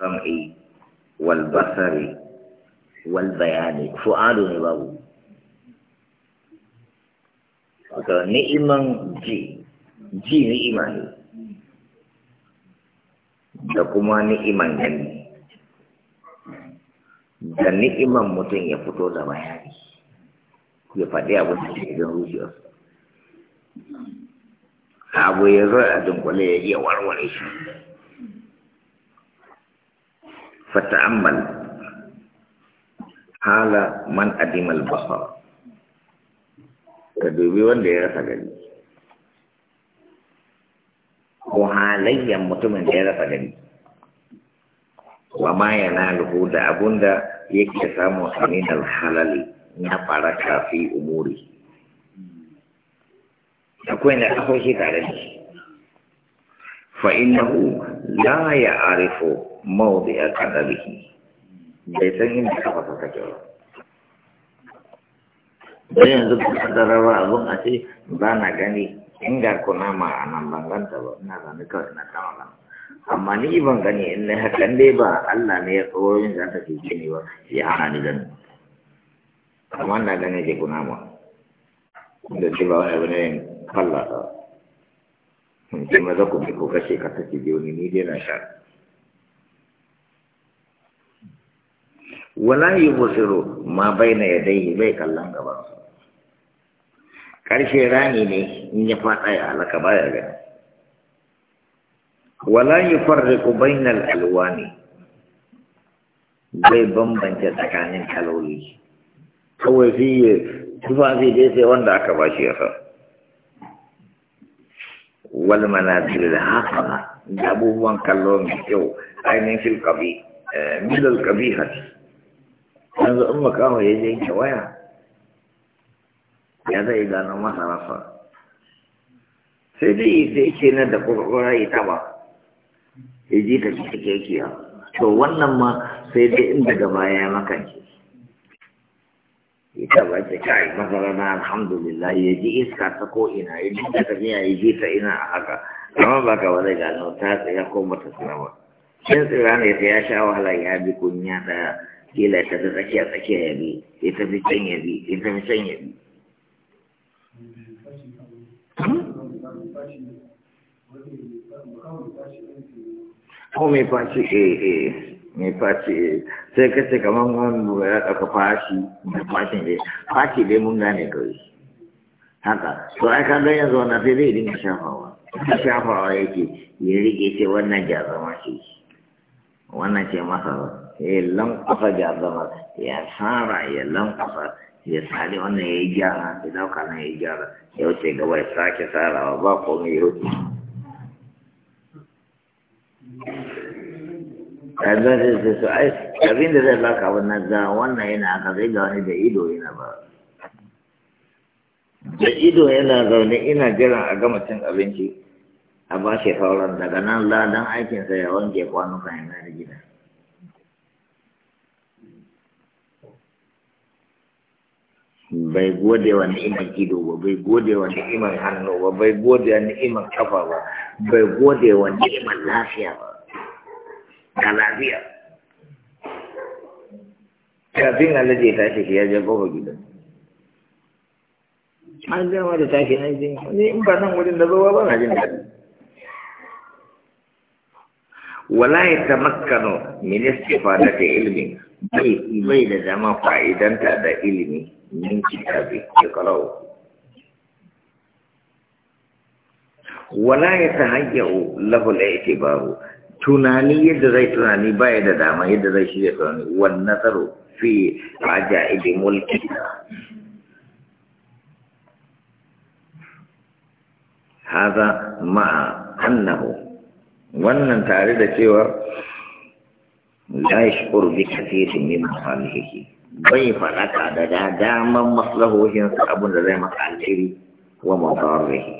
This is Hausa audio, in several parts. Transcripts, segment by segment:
wal Wal السمع والبصر ne babu? بابو ni'iman ji ji ni'ima ne da kuma ni'iman gani da ni'iman mutum ya fito da bayani ya faɗi abu da ke gan zuciyarsa abu ya zo a dunkule ya iya warware shi فتأمل حال من أدم البصر كدوبي وان دي رسا جدي وحاليا متمن دي رسا جدي وما يناله دا أبون دا يكسام من الحلال نبرك في أموري أكوين أخوشي تعالي فإنه لا يعرف da قدمه بيتين a ce ba بين ذلك قدر وأظن أتي بانا غني إن كنا ما أنا بانغان kawai نرى kama نتعلم amma ni ban gani in na hakan dai ba Allah ne ya tsoro yin za ta ke gini ba ya hana ni gani amma na gani ke kuna ma da ce ba wani abu ne yin fallata kuma za ku bi ko kashe ka take biyu ni dai na sha ولا يبصر ما بين يديه بي كالله كبار كارشي راني ني نفات آيه لك بايا جا ولا يفرق بين الألوان بي بمبن جتاكاني كالولي هو في تفاضي بيسي وندا كباشي أخر والمنازل الهافرة جابوه وان كالوم جو أين في القبي آه، من القبيحة yanzu in makama ya yanke waya ya zai gano masa rasa sai dai sai ce na da kwakwara ya taba ya ji ta ci kekiya to wannan ma sai dai in daga baya ya makance ya taba ce kai masara na alhamdulillah ya ji iska ta ko ina ya ji ta tafiya ya ji ta ina a haka amma ba ka wani gano ta tsaya ko mata ta tsira ba shin tsira ne ta ya sha wahala ya bi kunya daya kila ya tafi tsakiya tsakiya ya bi ya tafi can ya bi ya tafi can ya bi hmm? ko mai faci eh eh mai faci eh, sai ka ce kamar wani ya ɗauka fashi mai fashin dai fashi dai mun gane kawai haka to ai ka ga yanzu wannan sai zai dinga shafawa ta shafawa yake ya rike ce wannan jazama ce wannan ce masara Eh, ya lankwasa jazama ya fara ya lankwasa ya sari wannan ya yi gyara ya dauka nan ya yi gyara ya wuce gaba ya sake sarawa ba komai ya wuce yanzu da su su ai abin da zai baka wannan ga wannan yana aka zai ga wani da ido yana ba da ido yana zaune ina jiran a gama cin abinci a ba shi daga nan ladan aikinsa ya wanke kwanukan yana da gida bai gode wa ni'imar ido ba bai gode wa ni'imar hannu ba bai gode wa ni'imar kafa ba bai gode wa ni'imar lafiya ba ga lafiya kafin alaji ya tashi ya je kofa gidan an zama da tashi na jin ni in ba nan wurin da zowa ba na jin daɗi wala ya tamakkano min istifadati ilmin bai bai da zama fa'idanta da ilimi من كتابه يقرأه ولا يتهيأ له الاعتبار tunani yadda zai tunani baya da dama yadda zai shirya tunani wannan tsaro fi ajaibi mulki haza ma'a annahu wannan tare da cewa la yashkur bi kathirin min masalihihi bai faɗaka daga daman maslahohinsa abin da zai masa alheri wa madarrihi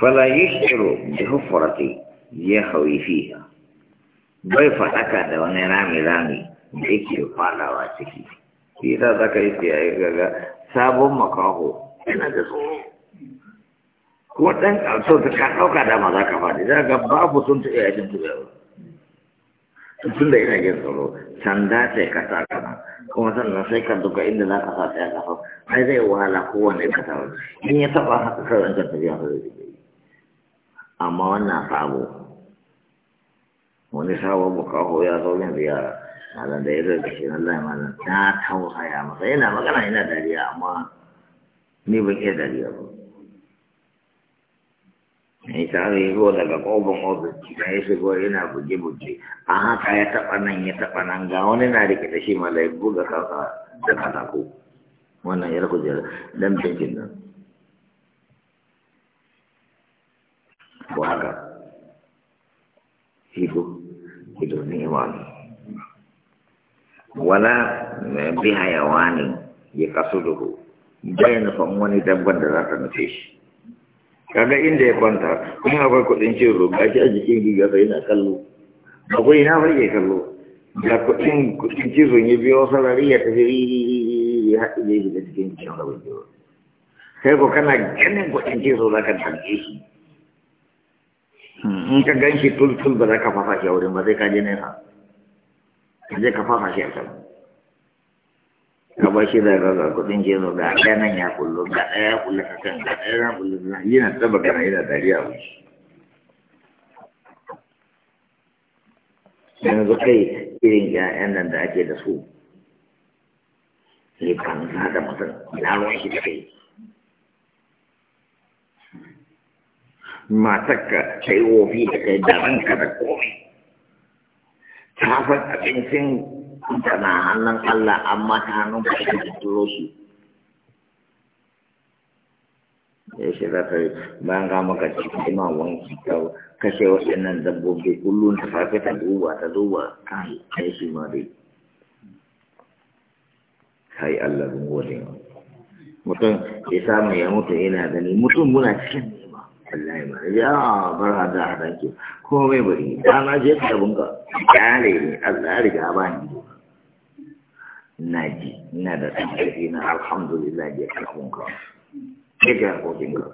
fala yushiru bi hufrati ya hawi fiha bai faɗaka da wani rami rami da yake faɗawa ciki shi ta zaka yi sai gaga sabon makaho yana da tsoro kuma ɗan ƙarso ta ka ɗauka dama za ka faɗi za ga babu sun ta iya cin tuɓewa tun da ina jin tsoro sanda sai ka sa kana kuma sannan sai ka duka inda za ka sa tsaya kafa ai zai wahala kowane ka sa wani in ya taba haka kawai ka tafiya ka zai amma wannan sabo wani sabon bukaho ya zo min ziyara malam da ya zai da shi na lai malam na tausaya masa yana magana yana dariya amma ni ban iya dariya ba mai sami zo daga ƙogon ofis da ya shigo yana buge-buge a haka ya taɓa nan ya taɓa nan ga wani na rike da shi malai buga kansa da katako wannan yar kujera dan bincin nan ko haka hido hido ne imani wala eh, bihaya wani ya kasu duhu bayan fa wani dabban da za ta nufe shi kaga inda ya kwanta kuma akwai kudin cin roga shi a jikin giga sai yana kallo akwai na fage kallo da kudin kuɗin cin ya biyo sarari ya tafi haɗu ne shiga cikin cin rabin jiwa sai ko kana ganin kudin cin za ka tanke shi hmm, in ka gan shi tul ba za ka fasa shi a wurin ba sai ka je nesa ka je ka fasa shi a can ka ba shi da raga kudin jero da ɗaya nan ya kullu ga ɗaya ya kullu ka kan ga ɗaya ya kullu ka yana ta bakana yana dariya ba. wuce zo kai irin ƴaƴan nan da ake da su ne banza da mutum na ruwan shi da kai matakka ta yi wofi da kai da ranka da komai ta san abincin tana hannun Allah amma ta hannun ba shi da turo su ya za ta bayan maka cikin ma wanki ta kashe waɗannan dabbobi kullum ta fafe ta duba ta duba kai kai Allah mutum ya ya mutu yana gani mutum muna cikin nema Allah ya ya bar hada hadan ke komai je ka bunka kyale ne Allah ya riga ba ni na ina da tsarki na alhamdulillah ya karfin ka ke ga harkokin ka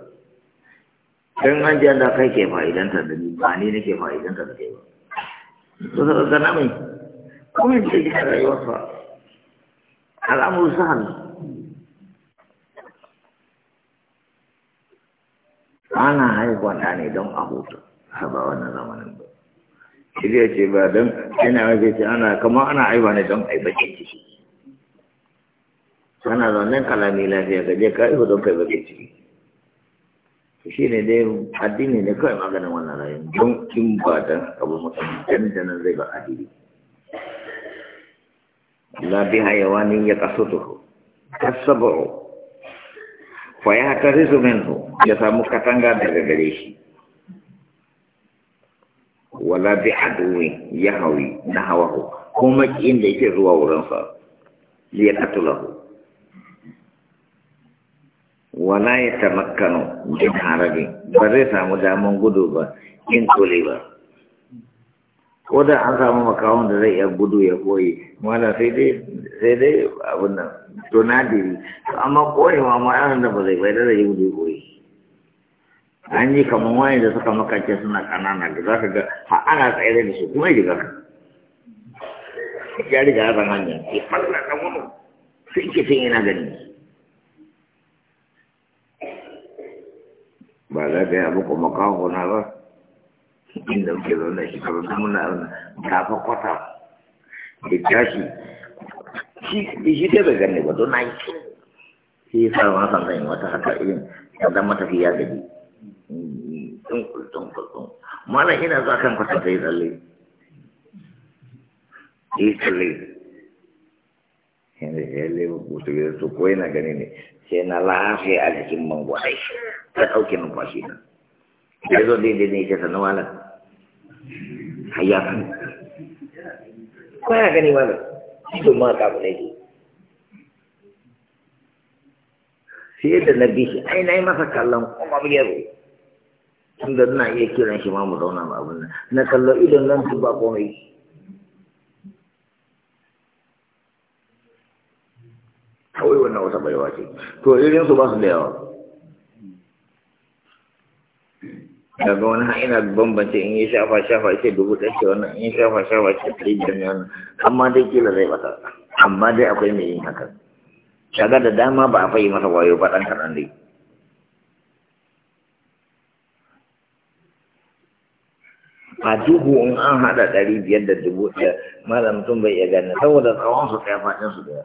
don an ji da kai ke fa'idanta da ni ba ni nake fa'idanta da kai ba to da gana mai kuma da ji fa, al'amuru sahal ana haihuwa ɗa ne don a hutu ba wannan zamanin ba shi ce ba don yana mafi ce ana kama ana haihuwa ne don aibace ciki kana zanen kalami lafiya ka ka ihu don kai bage ciki to shi ne dai addini ne kawai maganin wannan rayuwa don kin ba da abu zai ba la bi ya fa ya ya samu katanga daga gare shi wala bi aduwi ya hawi na hawahu kuma kin da yake zuwa wurinsa li yaqtulahu wala ya tamakkano min harabin ba zai samu daman gudu ba yin tole ba ko da an samu makawon da zai iya gudu ya koyi wala sai dai sai dai abin nan to nadiri amma koyewa ma yaran da ba zai bai da zai gudu ya koyi an yi kamar wani da suka makance suna kanana da za ka ga ha ana tsayar da su kuma ya riga ka ya riga ya zan hanyar ya falla da wani sai ke sai yana gani ba za ka yi abu kuma kawo na ba inda muke zaune shi kawai da muna gafa kwata da tashi shi ta bai gane ba don aiki? yi shi ya sa ma zan yi wata haka irin ya zama tafiya da bi tunkul tunkul tunkul mana ina za kan kwata ta yi tsalle yi tsalle yanzu ya lewa kusa biyar su ko yana gani ne sai na lafe a jikin mangwarai ta ɗauke numfashi na ya zo daidai ne ya sanu malam hayyafi kwaya gani malam su ma kabu ne ke sai da na bi shi ai na yi masa kallon kuma biyaru. tun da na iya kiran shi ma mu zauna ma abin nan na kallo idon nan su ba komai kawai wannan wata baiwa ce to irin su ba su da ina bambance in yi shafa shafa ce dubu ɗaya ce wannan ini shafa shafa ce ɗari biyar amma dai kila zai bata amma dai akwai mai yin hakan da dama ba masa malam mutum ya iya tahu saboda tsawon su ɗaya sudah.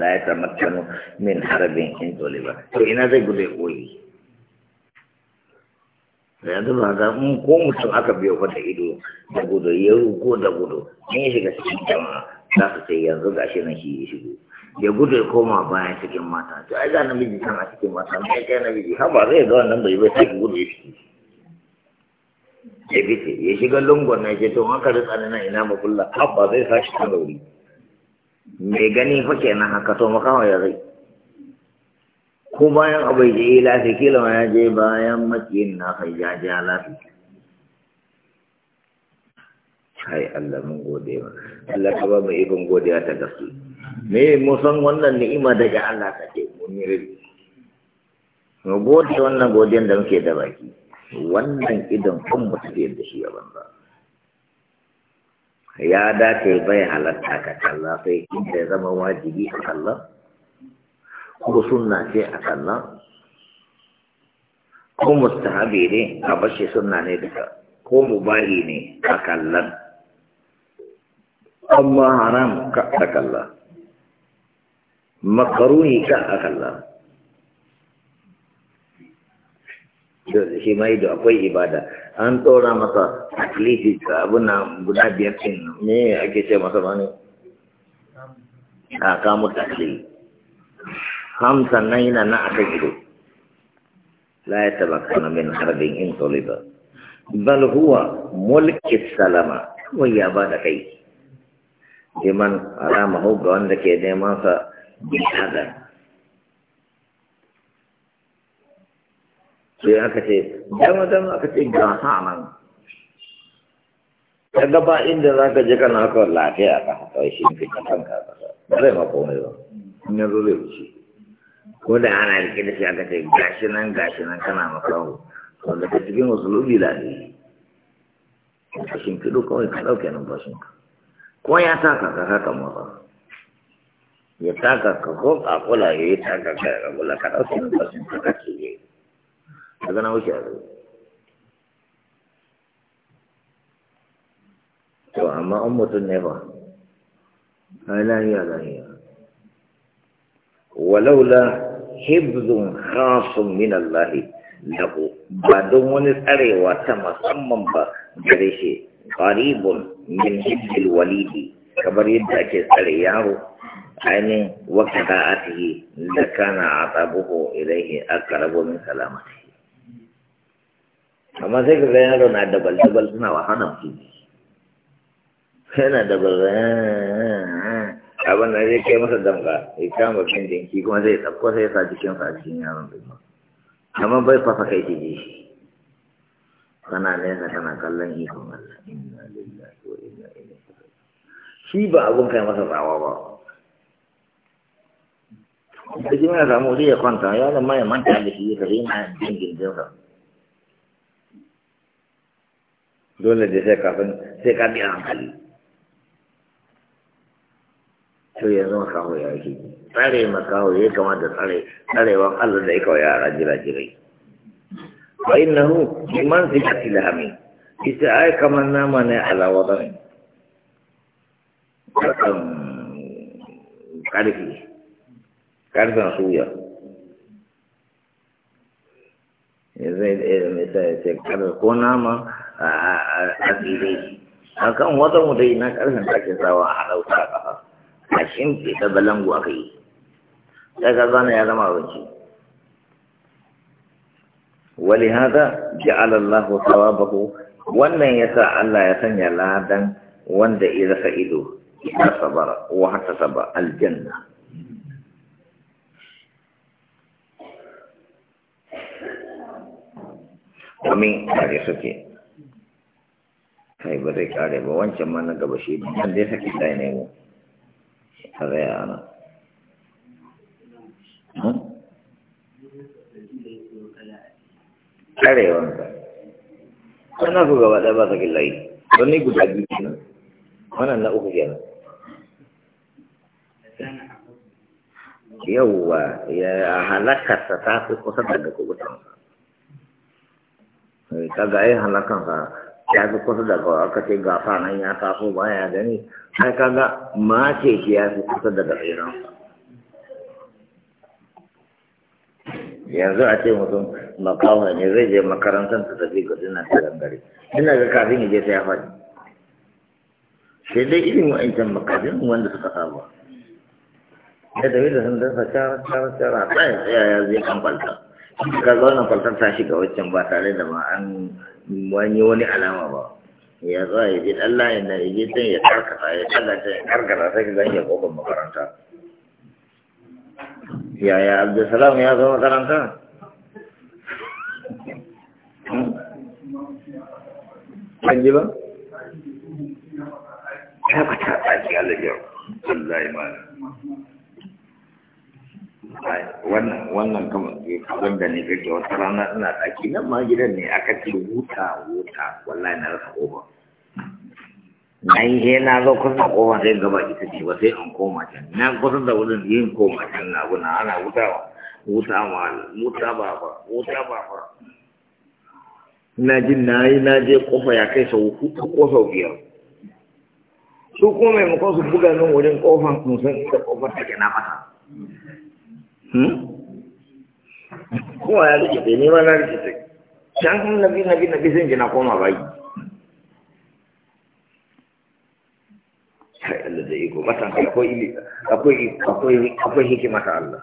la ya tamakkanu min harbin in ba. to ina zai gude koyi da yanzu ba ga mun ko mutum aka biyo fata ido da gudu ya ko da gudu ne ya shiga cikin jama'a za su ce yanzu ga shi nan shi ya shigo ya gudu ya koma bayan cikin mata to ai ga namiji can a cikin mata mai kai namiji ha ba zai ga wannan bai bai sai gudu ya shigo ya fice ya shiga lungon na ce to haka da na ina makulla ha ba zai sashi kan wuri mai gani fa kenan haka to makawa ya zai ko bayan abai je lafi kila ma ya je bayan makiyin na kai ya ja lafi kai Allah mun gode ma Allah ka ba mu ikon godiya ta gaske me mu san wannan ni'ima daga Allah ta ce Mu yi mu gode wannan godiyan da muke da baki wannan idan kun ba da shi a banza ya dace bai halatta ka kalla sai inda ya zama wajibi a kallon ko sunna ce a kallon ko mustahabi ne a bashi sunna ne duka ko mubahi ne a kallon amma haram ka a kalla makaruni ka a kalla shi mai da akwai ibada an tsora masa taklifi ga abin guda biyar ɗin me ake ce masa ba ne a kamu taklifi hamsan nan yana nan akan ido la ya taba kana min harbin in soliba bal huwa mulki salama kawai ya ba da kai liman alamahu ga wanda ke neman sa bi hadar sai aka ce dama dama aka ce ga nan ka gaba inda za ka je kana haka lafiya ka haka shi ka ci kanka ka ba zai ma komai ba in yanzu zai wuce ko da ana rike da shi aka ce gashi nan gashi nan kana makaho wanda ka cikin wasu lubi lafiya ka shimfiɗo kawai ka ɗauke ka. ko ya taka ka haka motsa ya taka ka ko kakula ya yi taka ka kakula ka ɗauke numfashinka ka ce هذا انا وش اعرف واما امة النظام لا هي لا هي ولولا حفظ خاص من الله له بدون اري وتم صمم بريشي قريب من حفظ الوليد كبر يدك سريعه عين وقراءته لكان عذابه اليه اقرب من سلامته amma sai ka ga yaro na dabal-dabal suna wahala mutum yana dabal eh, eh, abin da zai kai masa damka ya kama kan jinki kuma zai tsakko sai ya sa cikin sa a cikin yaron bai amma bai fasa kai ke ji kana nesa kana kallon ikon Allah inna lillahi wa inna ilaihi shi ba abun kai masa tsawa ba da shi mana samu wuri ya kwanta ya zama ya manta da shi ya kare na jin sa. dole da sai kafin sai ka biya hankali to yanzu makaho ya yake tsare makaho ya kama da tsare tsarewan allah da ya kawo yara jira-jirai wa innahu iman sikati lahami ita ai kamar nama ne alawadan kan karfi karfin suya yanzu ya ce ko nama a tsire a kan wata mutai na ƙarfin ɗakin sawa a ɗauka a ƙafa a shimfe ta balangu aka yi sai ka zana ya zama abinci Wani haka ja'ala Allah thawabahu wannan yasa Allah ya sanya ladan wanda ya rasa ido ya sabara wa hatta saba aljanna Amin, kare suke. kai ba zai kare ba wancan ma na gaba shi nan dai saki da ne mu ka zai ana karewan ka sana ku gaba ɗaya ba sakin layi wani guda biyu kenan wannan na uku kenan yawwa ya halakarsa ta fi kusa daga kubutansa kaga ai halakansa ya fi kusa daga kawai aka ce gafa nan ya taso ya gani sai kaga mace ki ya fi kusa daga tsiran yanzu a ce mutum makawa ne zai je makarantar ta tafi ga suna ta gangare ina ga kafin ya je ta ya faɗi sai dai irin wa'ancan makafin wanda suka saba ya tafi da sun dasa cara cara cara tsaye tsaya ya zai kan kwalta ka zauna falta ta shiga waccan ba tare da ma an wani wani alama ba ya za ya Allah ya na yi can ya karkata ya tsallata ya karkata sai ka ganye kofar makaranta yaya abdulsalam ya zo makaranta hmm? an ji ba Ya ba ta tsaki alajiyar Allah ya mana wannan wannan kamar abin da ne kake wata rana ina daki nan ma gidan ne aka ce wuta wuta wallahi na rasa ƙofa na yi he na zo kusa ƙofa sai gaba ita ce ba sai an koma can na kusa da wurin yin koma can na guna ana wuta ba wuta ma wuta ba ba wuta ba ba na jin na yi na je kofa ya kai sau hutu ko sau biyar su kuma maimakon su buga nan wurin ƙofan sun san ita kofar take na fata Hmm? kowa ya rikice ne ma na rikice can nabi nabi nabi sun ji na koma bayi sai Allah da iko matan akwai akwai akwai akwai hikima Allah